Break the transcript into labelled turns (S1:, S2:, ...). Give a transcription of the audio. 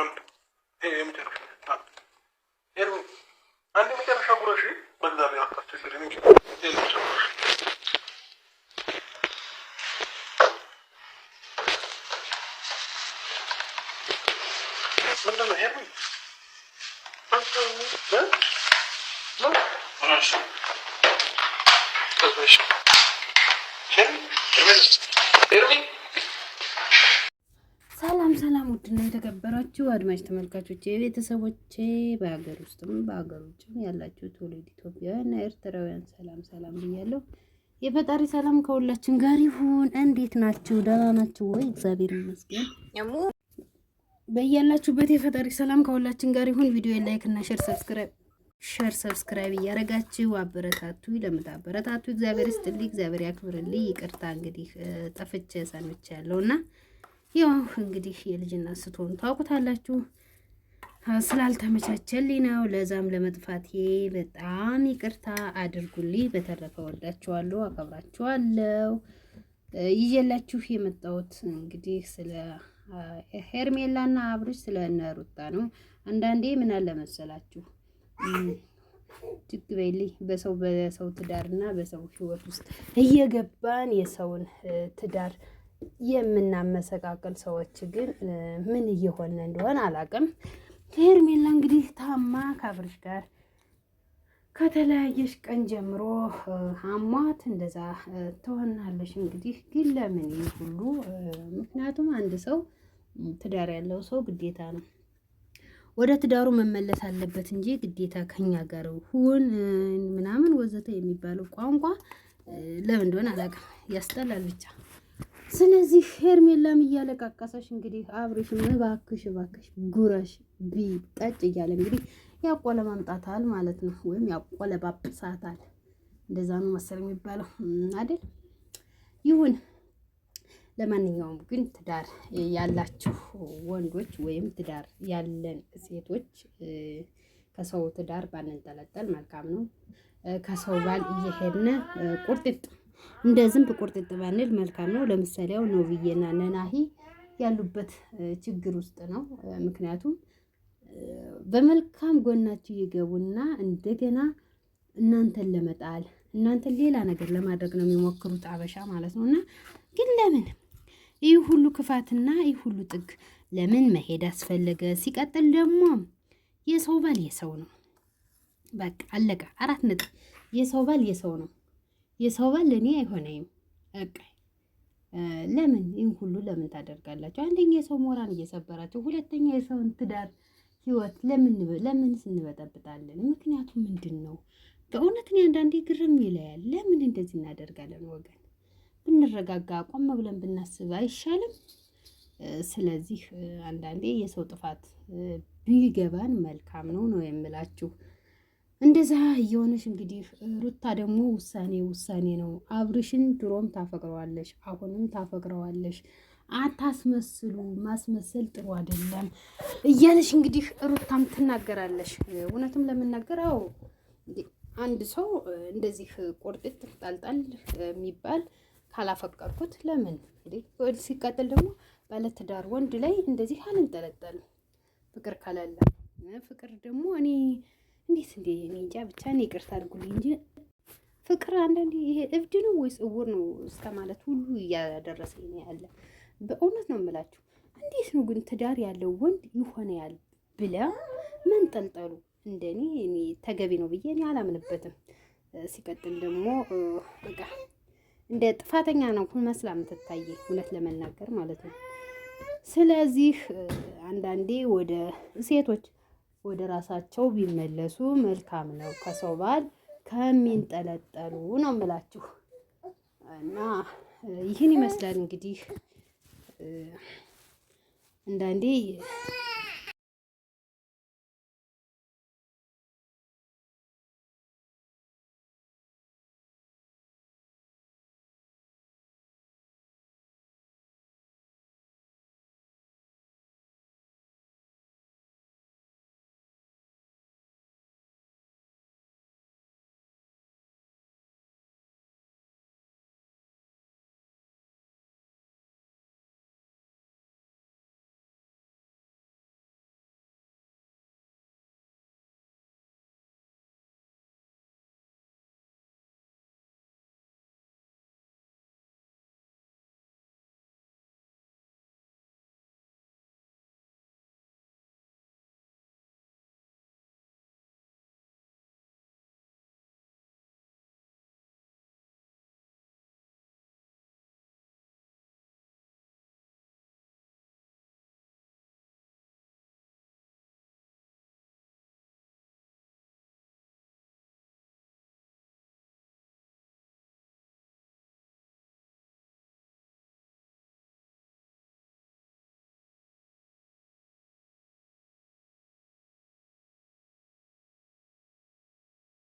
S1: አንድ የመጨረሻ አንድ ይሩ አንድ የመጨረሻ ጉረሽ በዛ ላይ አታስቸግሪ ነው የመጨረሻ ምንድን ነው ሄሩ ሄሩ ሄሩ
S2: ሰላም ሰላም፣ ውድና የተከበራችሁ አድማጭ ተመልካቾች የቤተሰቦቼ በሀገር ውስጥም በሀገር ውጭም ያላችሁ ትውልድ ኢትዮጵያውያን እና ኤርትራውያን ሰላም ሰላም ብያለሁ። የፈጣሪ ሰላም ከሁላችን ጋር ይሁን። እንዴት ናችሁ? ደህና ናችሁ ወይ? እግዚአብሔር ይመስገን። በያላችሁበት የፈጣሪ ሰላም ከሁላችን ጋር ይሁን። ቪዲዮ ላይክ እና ሼር ሰብስክራይብ ሸር ሰብስክራይብ እያደረጋችሁ አበረታቱ። ለምት አበረታቱ። እግዚአብሔር ይስጥልኝ፣ እግዚአብሔር ያክብርልኝ። ይቅርታ እንግዲህ ጠፍቼ ሰኖች ያለው እና ያው እንግዲህ የልጅና ስትሆኑ ታውቁታላችሁ። ስላልተመቻቸልኝ ነው። ለዛም ለመጥፋቴ በጣም ይቅርታ አድርጉልኝ። በተረፈ ወዳችኋለሁ፣ አከብራችኋለሁ። ይዤላችሁ የመጣሁት እንግዲህ ስለ ሄርሜላና አብርሽ ስለ ነሩታ ነው። አንዳንዴ ምን አለ መሰላችሁ ጅግ በሰው በሰው ትዳርና በሰው ህይወት ውስጥ እየገባን የሰውን ትዳር የምናመሰቃቅል ሰዎች ግን ምን እየሆነ እንደሆነ አላውቅም። ሄርሜላ እንግዲህ ታማ ከአብርሽ ጋር ከተለያየሽ ቀን ጀምሮ አሟት እንደዛ ትሆናለሽ። እንግዲህ ግን ለምን ሁሉ? ምክንያቱም አንድ ሰው ትዳር ያለው ሰው ግዴታ ነው ወደ ትዳሩ መመለስ አለበት እንጂ ግዴታ ከኛ ጋር ሁን ምናምን ወዘተ የሚባለው ቋንቋ ለምን እንደሆነ አላውቅም፣ ያስጠላል ብቻ ስለዚህ ሄርሜላም እያለቃቀሰች እንግዲህ አብርሽም እባክሽ እባክሽ ጉረሽ ቢ ጠጭ እያለ እንግዲህ ያቆለ ማምጣታል ማለት ነው። ወይም ያቆለ ያቆለባብሳታል እንደዛ ነው መሰል የሚባለው አይደል? ይሁን ለማንኛውም ግን ትዳር ያላችሁ ወንዶች ወይም ትዳር ያለን ሴቶች ከሰው ትዳር ባንንጠለጠል መልካም ነው። ከሰው ባል እየሄድን ቁርጥጥ እንደ ዝንብ ቁርጥጥ ባንል መልካም ነው። ለምሳሌ ያው ነውብዬና ነናሂ ያሉበት ችግር ውስጥ ነው። ምክንያቱም በመልካም ጎናችሁ ይገቡና እንደገና እናንተን ለመጣል እናንተን ሌላ ነገር ለማድረግ ነው የሚሞክሩት አበሻ ማለት ነው። እና ግን ለምን ይህ ሁሉ ክፋትና ይህ ሁሉ ጥግ ለምን መሄድ አስፈለገ? ሲቀጥል ደግሞ የሰው ባል የሰው ነው። በቃ አለቀ። አራት ነጥብ። የሰው ባል የሰው ነው። የሰው ባል ለእኔ አይሆነኝም። በቃ ለምን ይህን ሁሉ ለምን ታደርጋላችሁ? አንደኛ የሰው ሞራን እየሰበራችሁ፣ ሁለተኛ የሰውን ትዳር ህይወት ለምንስ እንበጠብጣለን? ምክንያቱ ምንድን ነው? በእውነት አንዳንዴ ግርም ይለያል። ለምን እንደዚህ እናደርጋለን? ወገን ብንረጋጋ ቆም ብለን ብናስብ አይሻልም? ስለዚህ አንዳንዴ የሰው ጥፋት ቢገባን መልካም ነው ነው የምላችሁ። እንደዛ እየሆነች እንግዲህ ሩታ ደግሞ ውሳኔ ውሳኔ ነው። አብርሽን ድሮም ታፈቅረዋለሽ፣ አሁንም ታፈቅረዋለሽ። አታስመስሉ፣ ማስመሰል ጥሩ አይደለም እያለሽ እንግዲህ ሩታም ትናገራለሽ። እውነትም ለምናገረው አንድ ሰው እንደዚህ ቁርጥጥ ጣልጣል የሚባል ካላፈቀርኩት ለምን ወድ ሲቀጥል ደግሞ ባለትዳር ወንድ ላይ እንደዚህ አልንጠለጠልም ፍቅር ካላለ ፍቅር ደግሞ እኔ እንዴት እንዴ እኔ እንጃ ብቻ እኔ ይቅርታ አድርጉልኝ እንጂ ፍቅር አንዳንዴ ይሄ እብድ ነው ወይስ እውር ነው እስከ ማለት ሁሉ እያደረሰኝ ነው ያለ። በእውነት ነው የምላችሁ። እንዴት ነው ግን ትዳር ያለው ወንድ ይሆነ ያል ብላ መንጠልጠሉ እንደኔ እኔ ተገቢ ነው ብዬ እኔ አላምንበትም። ሲቀጥል ደግሞ በቃ እንደ ጥፋተኛ ነው መስላ የምትታይ እውነት ለመናገር ማለት ነው። ስለዚህ አንዳንዴ ወደ ሴቶች ወደ ራሳቸው ቢመለሱ መልካም ነው። ከሰው ባል ከሚንጠለጠሉ ነው የምላችሁ። እና ይህን ይመስላል እንግዲህ አንዳንዴ